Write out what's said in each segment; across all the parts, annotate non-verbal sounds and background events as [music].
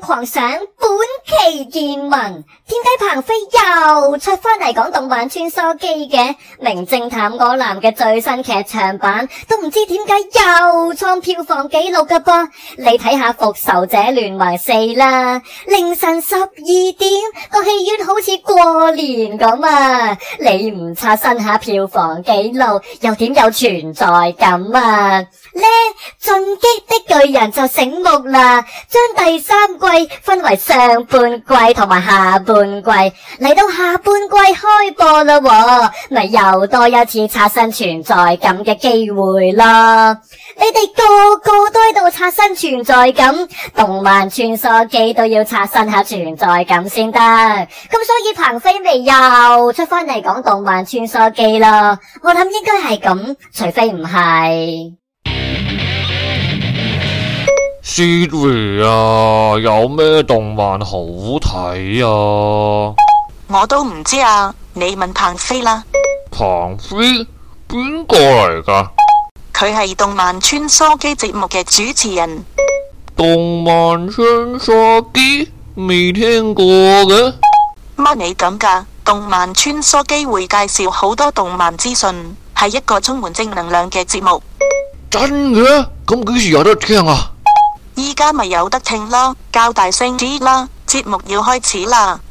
狂想，本期見聞，點解彭飛又出翻嚟講動漫穿梭機嘅？名偵探柯南嘅最新劇場版都唔知點解又創票房紀錄噶噃？你睇下復仇者聯盟四啦，凌晨十二點個戲院好似過年咁啊！你唔刷新下票房紀錄，又點有存在感啊？呢進擊的巨人就醒目啦，將第三季分為上半季同埋下半季，嚟到下半季開播啦喎，咪又多一次刷新存在感嘅機會咯。你哋個個都喺度刷新存在感，動漫穿梭機都要刷新下存在感先得，咁所以彭飛咪又出翻嚟講動漫穿梭機啦。我諗應該係咁，除非唔係。Jerry 啊，有咩動漫好睇啊？我都唔知啊，你問彭飛啦。彭飛邊個嚟噶？佢係動漫穿梭機節目嘅主持人。動漫穿梭機未聽過嘅？乜你咁噶？動漫穿梭機會介紹好多動漫資訊，係一個充滿正能量嘅節目。真嘅？咁幾時有得聽啊？依家咪有得聽咯，較大聲啲啦，節目要開始啦。 [noise]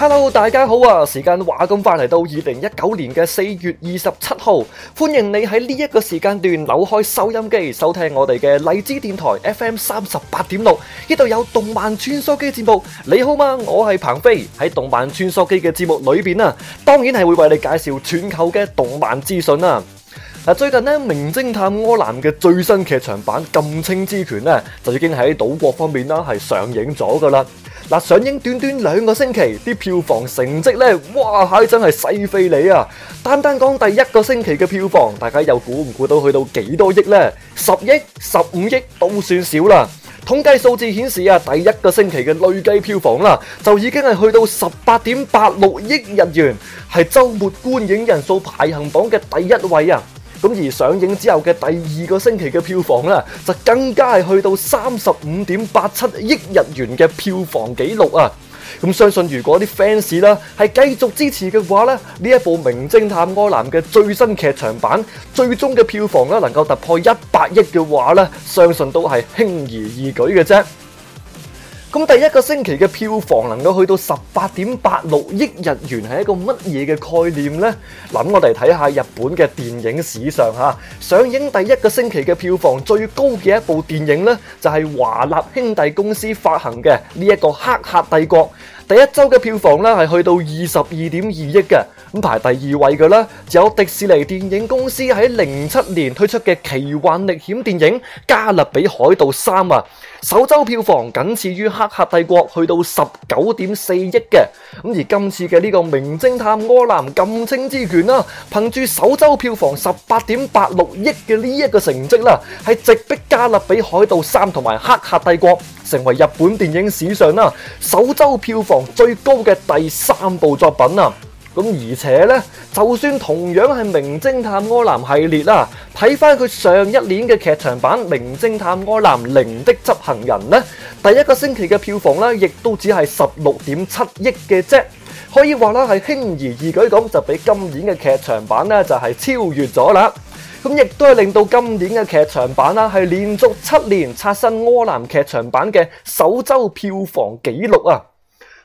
Hello，大家好啊！時間話咁快嚟到二零一九年嘅四月二十七號，歡迎你喺呢一個時間段扭開收音機，收聽我哋嘅荔枝電台 FM 三十八點六。呢度有動漫穿梭機節目。你好嘛？我係彭飛，喺動漫穿梭機嘅節目裏邊啊，當然係會為你介紹全球嘅動漫資訊啦。嗱，最近呢，名偵探柯南嘅最新劇場版《紺青之拳》咧就已經喺島國方面啦係上映咗噶啦。嗱，上映短短兩個星期，啲票房成績呢，哇，真係洗肺你啊！單單講第一個星期嘅票房，大家又估唔估到去到幾多億呢？十億、十五億都算少啦。統計數字顯示啊，第一個星期嘅累計票房啦，就已經係去到十八點八六億日元，係週末觀影人數排行榜嘅第一位啊！咁而上映之後嘅第二個星期嘅票房咧，就更加係去到三十五點八七億日元嘅票房紀錄啊！咁相信如果啲 fans 啦係繼續支持嘅話咧，呢一部《名偵探柯南》嘅最新劇場版最終嘅票房咧，能夠突破一百億嘅話咧，相信都係輕而易舉嘅啫。咁第一個星期嘅票房能夠去到十八點八六億日元，係一個乜嘢嘅概念呢？諗我哋睇下日本嘅電影史上吓，上映第一個星期嘅票房最高嘅一部電影呢，就係華納兄弟公司發行嘅呢一個《黑客帝國》，第一周嘅票房咧係去到二十二點二億嘅，咁排第二位嘅咧就有迪士尼電影公司喺零七年推出嘅奇幻歷險電影《加勒比海盜三》啊。首周票房僅次於《黑客帝，帝國》去到十九點四億嘅，咁而今次嘅呢、這個《名偵探柯南：紺青之拳》啦、啊，憑住首周票房十八點八六億嘅呢一個成績啦、啊，係直逼《加勒比海盜三》同埋《黑客帝國》，成為日本電影史上啦、啊、首周票房最高嘅第三部作品啊！咁而且咧，就算同樣係《名偵探柯南》系列啦、啊，睇翻佢上一年嘅劇場版《名偵探柯南：零的執行人》咧，第一個星期嘅票房咧，亦都只係十六點七億嘅啫。可以話啦，係輕而易舉咁就俾今年嘅劇場版咧就係、是、超越咗啦。咁亦都係令到今年嘅劇場版啦係連續七年刷新柯南劇場版嘅首周票房紀錄啊！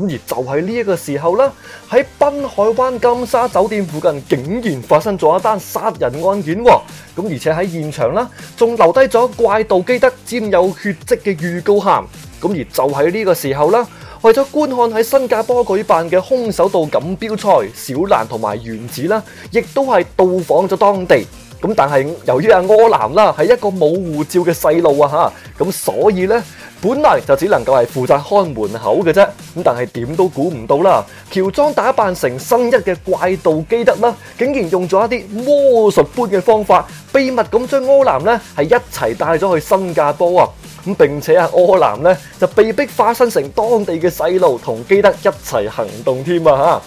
咁而就喺呢一個時候啦，喺濱海灣金沙酒店附近竟然發生咗一單殺人案件，咁而且喺現場啦，仲留低咗怪盜基德沾有血跡嘅預告函。咁而就喺呢個時候啦，為咗觀看喺新加坡舉辦嘅空手道錦標賽，小蘭同埋原子啦，亦都係到訪咗當地。咁但係由於阿柯南啦，係一個冇護照嘅細路啊嚇，咁所以咧本來就只能夠係負責看門口嘅啫。咁但係點都估唔到啦，喬裝打扮成新一嘅怪盜基德啦，竟然用咗一啲魔術般嘅方法，秘密咁將柯南咧係一齊帶咗去新加坡啊！咁並且啊柯南咧就被迫化身成當地嘅細路，同基德一齊行動添啊！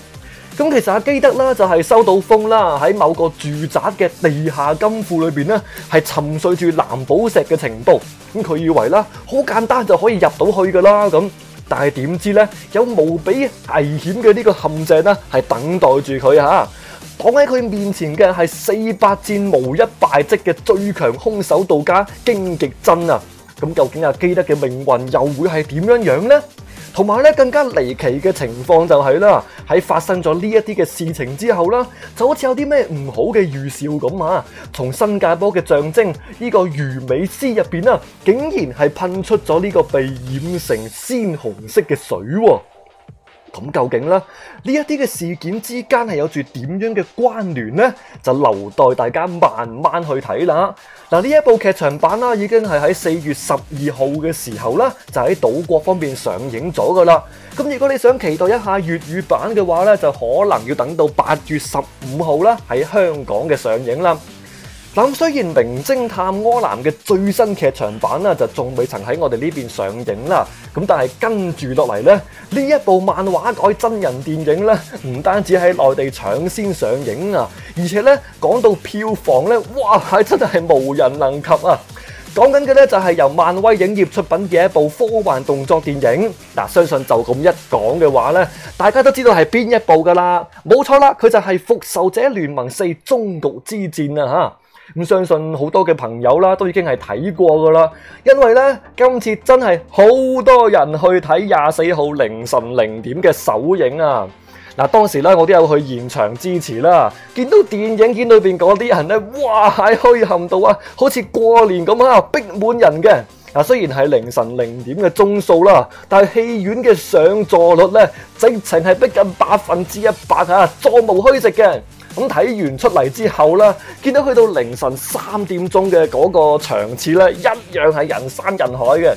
咁其實阿基德啦，就係收到風啦，喺某個住宅嘅地下金庫裏邊咧，係沉睡住藍寶石嘅情報。咁佢以為啦，好簡單就可以入到去噶啦咁，但係點知咧，有無比危險嘅呢個陷阱咧，係等待住佢吓。擋喺佢面前嘅係四百戰無一敗績嘅最強空手道家京極真啊！咁究竟阿基德嘅命運又會係點樣樣咧？同埋咧，更加離奇嘅情況就係啦，喺發生咗呢一啲嘅事情之後啦，就好似有啲咩唔好嘅預兆咁啊！從新加坡嘅象徵呢個魚尾獅入邊啊，竟然係噴出咗呢個被染成鮮紅色嘅水喎。咁究竟咧，呢一啲嘅事件之間係有住點樣嘅關聯呢？就留待大家慢慢去睇啦。嗱，呢一部劇場版啦，已經係喺四月十二號嘅時候咧，就喺島國方面上映咗噶啦。咁如果你想期待一下粵語版嘅話咧，就可能要等到八月十五號啦，喺香港嘅上映啦。咁雖然《名偵探柯南》嘅最新劇場版啦，就仲未曾喺我哋呢邊上映啦。咁但係跟住落嚟咧，呢一部漫畫改真人電影咧，唔單止喺內地搶先上映啊，而且咧講到票房咧，哇係真係無人能及啊！講緊嘅咧就係由漫威影業出品嘅一部科幻動作電影嗱，相信就咁一講嘅話咧，大家都知道係邊一部㗎啦？冇錯啦，佢就係《復仇者聯盟四：終局之戰》啊！嚇～咁相信好多嘅朋友啦，都已經係睇過噶啦，因為呢，今次真係好多人去睇廿四號凌晨零點嘅首映啊！嗱，當時呢，我都有去現場支持啦，見到電影院裏邊嗰啲人呢，哇喺墟冚，到啊，好似過年咁啊，逼滿人嘅。啊，雖然係凌晨零點嘅鐘數啦，但係戲院嘅上座率呢，直情係逼近百分之一百啊，座無虛席嘅。咁睇完出嚟之後呢，見到去到凌晨三點鐘嘅嗰個場次呢，一樣係人山人海嘅。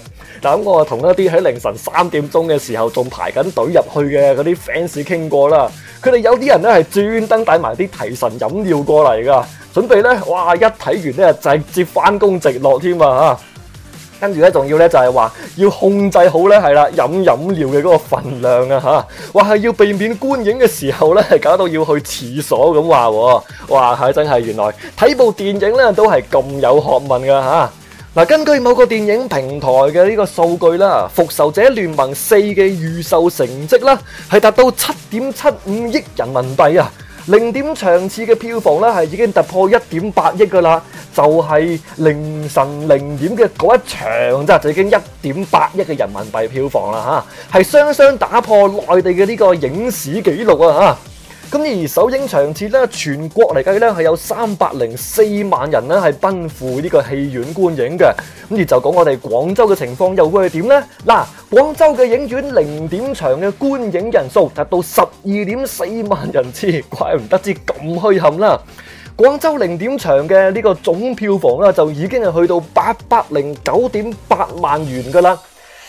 嗱，咁我同一啲喺凌晨三點鐘嘅時候仲排緊隊入去嘅嗰啲 fans 傾過啦，佢哋有啲人呢係專登帶埋啲提神飲料過嚟㗎，準備呢。哇！一睇完呢，直接返工直落添啊！嚇～跟住咧，仲要咧就係、是、話要控制好咧，係啦，飲飲料嘅嗰個份量啊，吓，話係要避免觀影嘅時候咧，係搞到要去廁所咁話、啊，哇係、啊、真係，原來睇部電影咧都係咁有學問噶吓。嗱、啊，根據某個電影平台嘅呢個數據啦，《復仇者聯盟四》嘅預售成績啦，係達到七點七五億人民幣啊。零點場次嘅票房咧係已經突破一點八億噶啦，就係、是、凌晨零點嘅嗰一場啫，就已經一點八億嘅人民幣票房啦嚇，係雙雙打破內地嘅呢個影史紀錄啊嚇！咁而首映場次咧，全國嚟計咧係有三百零四萬人咧係奔赴呢個戲院觀影嘅。咁而就講我哋廣州嘅情況又會係點咧？嗱，廣州嘅影院零點場嘅觀影人數達到十二點四萬人次，怪唔得之咁墟冚啦。廣州零點場嘅呢個總票房咧就已經係去到八百零九點八萬元噶啦。呢、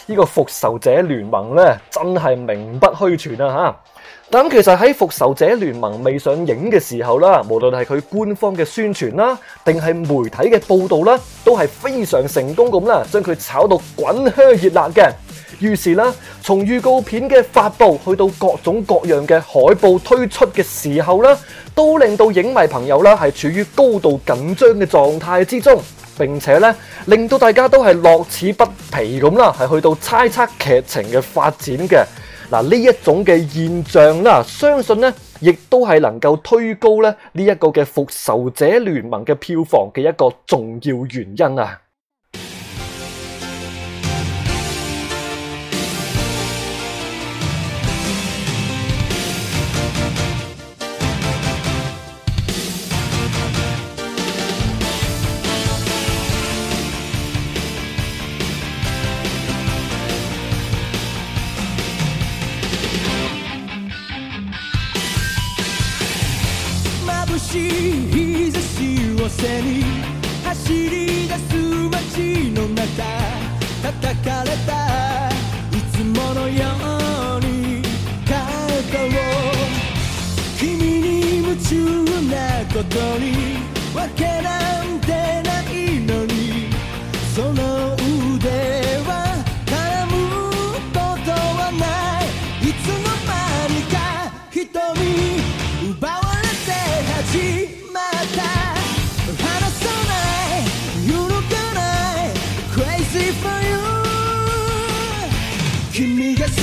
呢個復仇者聯盟咧真係名不虛傳啊！吓。咁其實喺《復仇者聯盟》未上映嘅時候啦，無論係佢官方嘅宣傳啦，定係媒體嘅報道啦，都係非常成功咁啦，將佢炒到滾香熱辣嘅。於是啦，從預告片嘅發布去到各種各樣嘅海報推出嘅時候啦，都令到影迷朋友啦係處於高度緊張嘅狀態之中，並且咧令到大家都係樂此不疲咁啦，係去到猜測劇情嘅發展嘅。嗱，呢一種嘅現象，相信咧亦都係能夠推高咧呢一個嘅復仇者聯盟嘅票房嘅一個重要原因啊。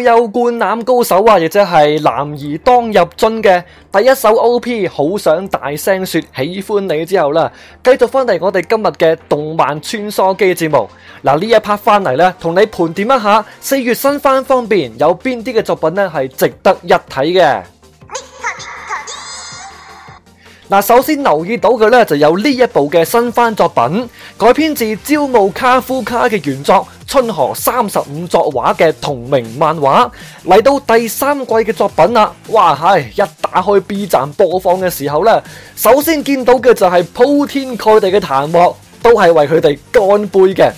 有灌籃高手啊，亦即係男兒當入樽嘅第一首 OP，好想大聲說喜歡你之後啦，繼續翻嚟我哋今日嘅動漫穿梭機節目。嗱，呢一 part 翻嚟咧，同你盤點一下四月新番方面有邊啲嘅作品咧係值得一睇嘅。嗱， [music] 首先留意到佢咧就有呢一部嘅新番作品，改編自朝霧卡夫卡嘅原作。春河三十五作畫嘅同名漫畫嚟到第三季嘅作品啦！哇，係、哎、一打開 B 站播放嘅時候呢，首先見到嘅就係鋪天蓋地嘅彈幕，都係為佢哋乾杯嘅。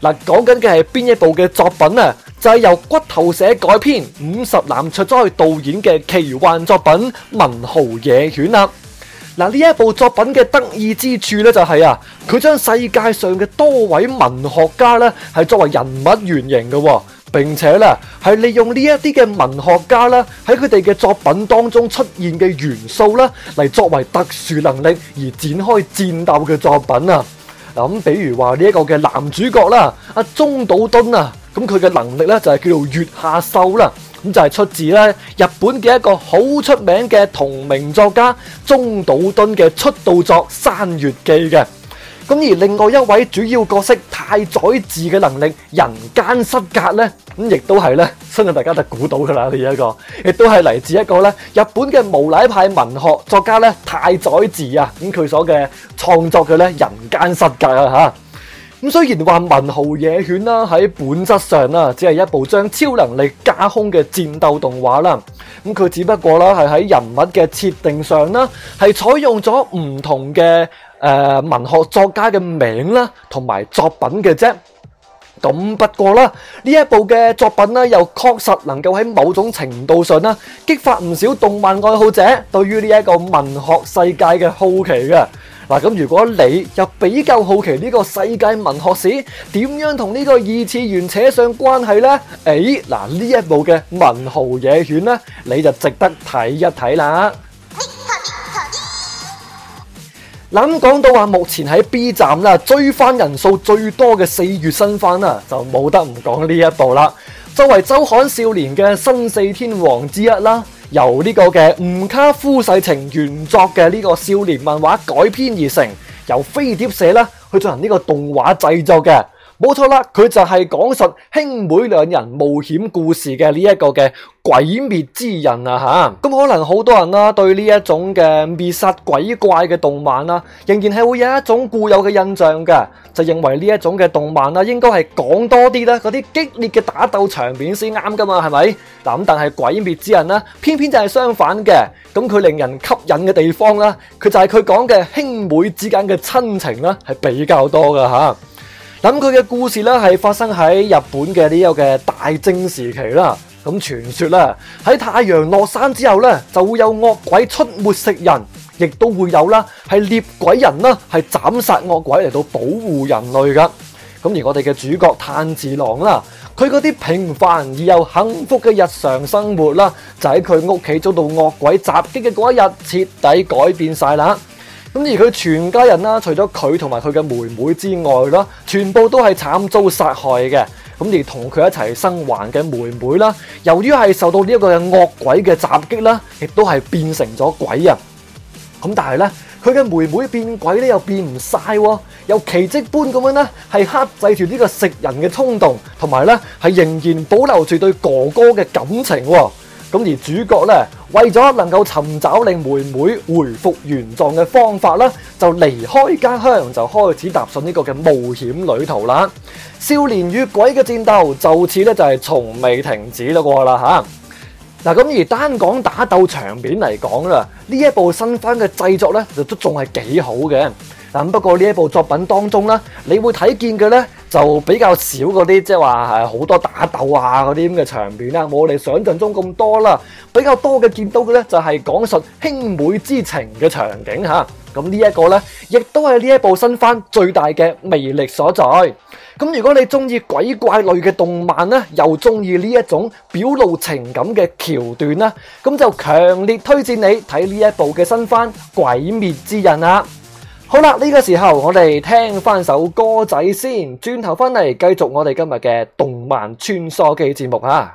嗱，講緊嘅係邊一部嘅作品啊？就係、是、由骨頭社改編、五十嵐卓哉導演嘅奇幻作品《文豪野犬》啦。嗱，呢一部作品嘅得意之處咧就係啊，佢將世界上嘅多位文學家咧係作為人物原型嘅，並且咧係利用呢一啲嘅文學家啦喺佢哋嘅作品當中出現嘅元素啦嚟作為特殊能力而展開戰鬥嘅作品啊，嗱咁，比如話呢一個嘅男主角啦，阿中島敦啊，咁佢嘅能力咧就係叫做月下秀啦。咁就係出自咧日本嘅一個好出名嘅同名作家中島敦嘅出道作《山月記》嘅。咁而另外一位主要角色太宰治嘅能力《人間失格》咧，咁亦都係咧相信大家就估到噶啦呢一個，亦都係嚟自一個咧日本嘅無賴派文學作家咧太宰治啊，咁佢所嘅創作佢咧《人間失格》啊嚇。咁雖然話《文豪野犬》啦，喺本質上啦，只係一部將超能力加空嘅戰鬥動畫啦。咁佢只不過啦，係喺人物嘅設定上啦，係採用咗唔同嘅誒、呃、文學作家嘅名啦，同埋作品嘅啫。咁不過啦，呢一部嘅作品啦，又確實能夠喺某種程度上啦，激發唔少動漫愛好者對於呢一個文學世界嘅好奇嘅。嗱，咁如果你又比較好奇呢個世界文學史點樣同呢個二次元扯上關係呢？誒、欸，嗱呢一部嘅《文豪野犬》呢，你就值得睇一睇啦。諗講 [music] 到話目前喺 B 站啦追翻人數最多嘅四月新番啦，就冇得唔講呢一部啦，作為《周刊少年嘅新四天王》之一啦。由呢個嘅吳卡夫世情原作嘅呢個少年漫畫改編而成，由飛碟社呢去進行呢個動畫製作嘅。冇錯啦，佢就係講述兄妹兩人冒險故事嘅呢一個嘅鬼滅之人啊吓，咁、啊嗯、可能好多人啦、啊、對呢一種嘅滅殺鬼怪嘅動漫啦、啊，仍然係會有一種固有嘅印象嘅，就認為呢一種嘅動漫啦、啊、應該係講多啲啦，嗰啲激烈嘅打鬥場面先啱噶嘛，係咪？咁但係鬼滅之人咧、啊，偏偏就係相反嘅，咁佢令人吸引嘅地方啦、啊，佢就係佢講嘅兄妹之間嘅親情啦、啊，係比較多噶吓、啊。咁佢嘅故事咧係發生喺日本嘅呢個嘅大正時期啦。咁傳說啦，喺太陽落山之後咧，就會有惡鬼出沒食人，亦都會有啦，係獵鬼人啦，係斬殺惡鬼嚟到保護人類噶。咁而我哋嘅主角炭治郎啦，佢嗰啲平凡而又幸福嘅日常生活啦，就喺佢屋企遭到惡鬼襲擊嘅嗰一日徹底改變晒啦。咁而佢全家人啦，除咗佢同埋佢嘅妹妹之外啦，全部都係慘遭殺害嘅。咁而同佢一齊生還嘅妹妹啦，由於係受到呢一個惡鬼嘅襲擊啦，亦都係變成咗鬼啊。咁但係咧，佢嘅妹妹變鬼咧又變唔晒，又奇跡般咁樣咧，係克制住呢個食人嘅衝動，同埋咧係仍然保留住對哥哥嘅感情。咁而主角咧，為咗能夠尋找令妹妹回復原狀嘅方法啦，就離開家鄉，就開始踏上呢個嘅冒險旅途啦。少年與鬼嘅戰鬥就此咧，就係從未停止啦，過啦吓。嗱，咁而單講打鬥場面嚟講啦，呢一部新番嘅製作咧，就都仲係幾好嘅。咁不過呢一部作品當中啦，你會睇見嘅咧。就比較少嗰啲即係話係好多打鬥啊嗰啲咁嘅場面啦，冇我哋想像中咁多啦。比較多嘅見到嘅咧，就係講述兄妹之情嘅場景吓，咁啊，呢一個咧，亦都係呢一部新番最大嘅魅力所在。咁如果你中意鬼怪類嘅動漫咧，又中意呢一種表露情感嘅橋段啦，咁就強烈推薦你睇呢一部嘅新番《鬼滅之刃》啊！好啦，呢、這個時候我哋聽翻首歌仔先，轉頭翻嚟繼續我哋今日嘅動漫穿梭機節目啊。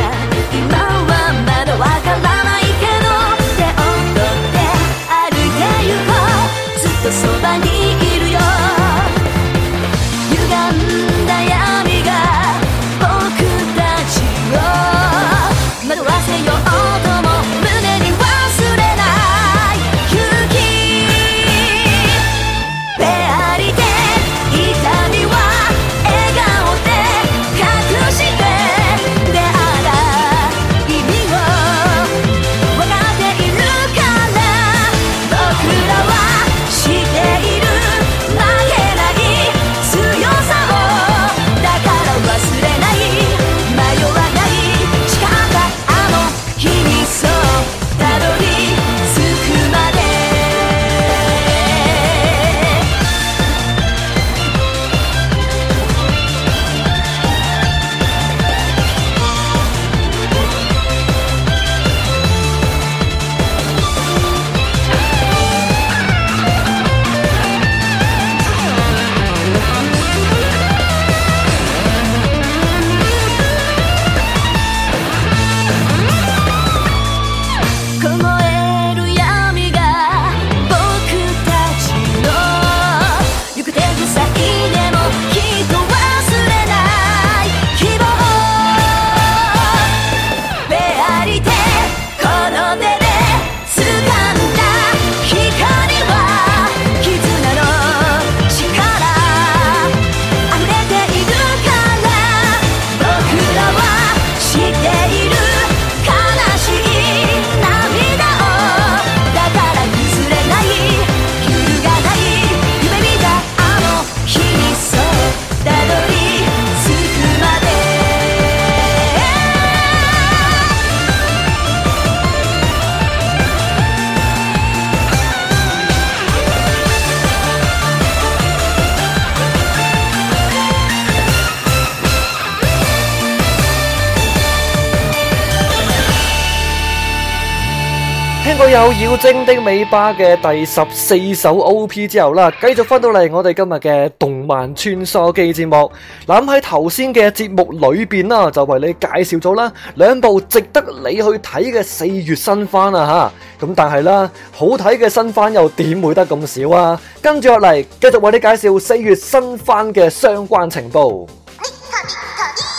都有妖精的尾巴嘅第十四首 OP 之後啦，繼續翻到嚟我哋今日嘅動漫穿梭機節目。咁喺頭先嘅節目裏邊啦，就為你介紹咗啦兩部值得你去睇嘅四月新番啊吓。咁但係啦，好睇嘅新番又點會得咁少啊？跟住落嚟，繼續為你介紹四月新番嘅相關情報。 [noise]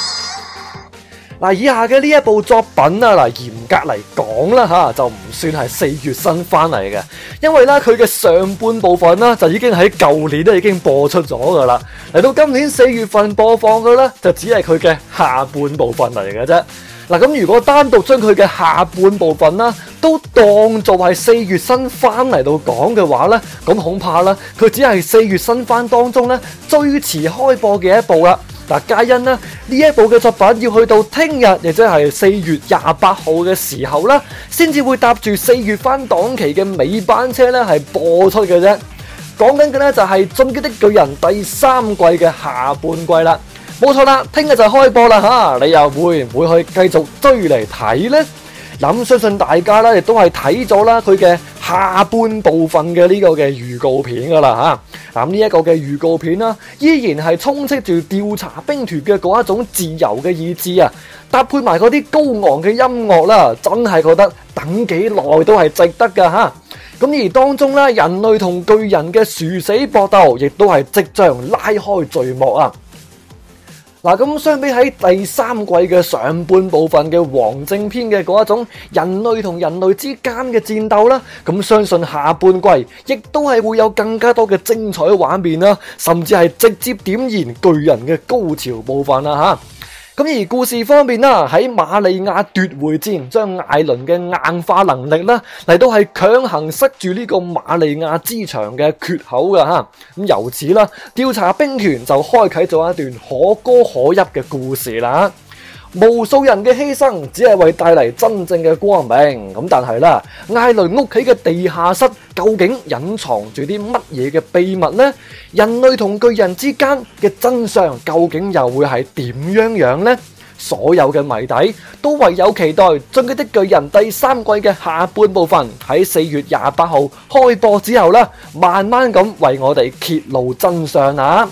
嗱，以下嘅呢一部作品啊，嗱，嚴格嚟講啦，嚇就唔算係四月新番嚟嘅，因為咧佢嘅上半部分啦，就已經喺舊年都已經播出咗㗎喇，嚟到今年四月份播放嘅咧，就只係佢嘅下半部分嚟嘅啫。嗱，咁如果單獨將佢嘅下半部分啦，都當做係四月新番嚟到講嘅話咧，咁恐怕咧，佢只係四月新番當中咧最遲開播嘅一部啦。嗱，嘉欣呢呢一部嘅作品要去到聽日，亦即係四月廿八號嘅時候啦，先至會搭住四月翻檔期嘅尾班車咧，係播出嘅啫。講緊嘅咧就係《進擊的巨人》第三季嘅下半季啦，冇錯啦，聽日就開播啦吓，你又會唔會去繼續追嚟睇咧？諗相信大家啦，亦都係睇咗啦佢嘅下半部分嘅呢個嘅預告片噶啦吓。嗱，呢一個嘅預告片啦，依然係充斥住調查兵團嘅嗰一種自由嘅意志啊，搭配埋嗰啲高昂嘅音樂啦，真係覺得等幾耐都係值得噶吓。咁而當中啦，人類同巨人嘅殊死搏鬥，亦都係即將拉開序幕啊！嗱，咁相比喺第三季嘅上半部分嘅王政篇嘅嗰一種人類同人類之間嘅戰鬥啦，咁相信下半季亦都係會有更加多嘅精彩畫面啦、啊，甚至係直接點燃巨人嘅高潮部分啦、啊，吓。咁而故事方面啦，喺瑪利亞奪回戰，將艾倫嘅硬化能力啦嚟到係強行塞住呢個瑪利亞之牆嘅缺口噶吓。由此啦，調查兵團就開啟咗一段可歌可泣嘅故事啦。無數人嘅犧牲，只係為帶嚟真正嘅光明。咁但係咧，艾倫屋企嘅地下室究竟隱藏住啲乜嘢嘅秘密呢？人類同巨人之間嘅真相究竟又會係點樣樣呢？所有嘅謎底都唯有期待《進擊的巨人》第三季嘅下半部分喺四月廿八號開播之後啦，慢慢咁為我哋揭露真相啊！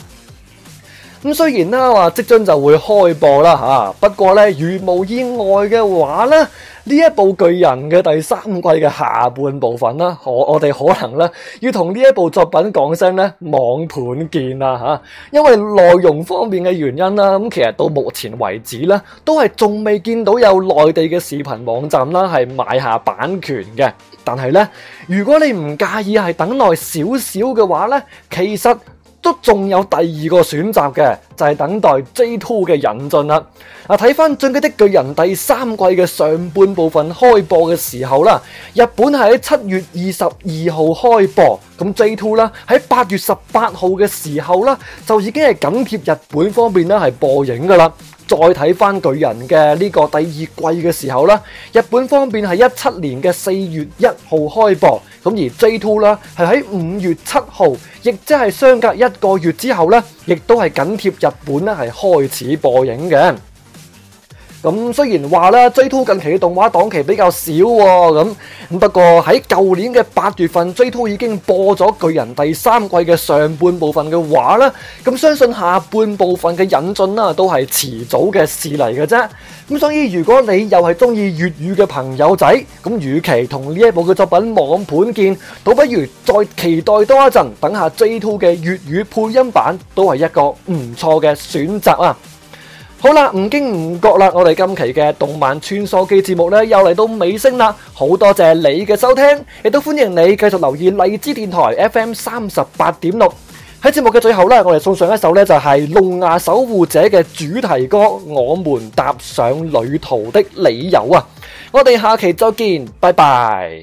咁雖然啦話即將就會開播啦吓、啊，不過咧如無意外嘅話咧，呢一部巨人嘅第三季嘅下半部分啦，可我哋可能咧要同呢一部作品講聲咧網盤見啦吓、啊，因為內容方面嘅原因啦，咁其實到目前為止咧都係仲未見到有內地嘅視頻網站啦係買下版權嘅，但係咧如果你唔介意係等耐少少嘅話咧，其實。都仲有第二個選擇嘅，就係、是、等待 J2 嘅引進啦。啊，睇翻《進擊的巨人》第三季嘅上半部分開播嘅時候啦，日本係喺七月二十二號開播，咁 J2 啦喺八月十八號嘅時候啦，就已經係緊貼日本方面啦係播映噶啦。再睇翻巨人嘅呢個第二季嘅時候啦，日本方面係一七年嘅四月一號開播，咁而 J Two 啦係喺五月七號，亦即係相隔一個月之後咧，亦都係緊貼日本啦，係開始播映嘅。咁雖然話啦，J2 近期嘅動畫檔期比較少喎，咁咁不過喺舊年嘅八月份，J2 已經播咗巨人第三季嘅上半部分嘅話啦，咁相信下半部分嘅引進啦都係遲早嘅事嚟嘅啫。咁所以如果你又係中意粵語嘅朋友仔，咁與其同呢一部嘅作品網盤見，倒不如再期待多一陣，等下 J2 嘅粵語配音版都係一個唔錯嘅選擇啊！好啦，唔經唔覺啦，我哋今期嘅動漫穿梭機節目呢，又嚟到尾聲啦，好多謝你嘅收聽，亦都歡迎你繼續留意荔枝電台 FM 三十八點六。喺節目嘅最後呢，我哋送上一首呢，就係《龍牙守護者》嘅主題歌《我們踏上旅途的理由》啊！我哋下期再見，拜拜。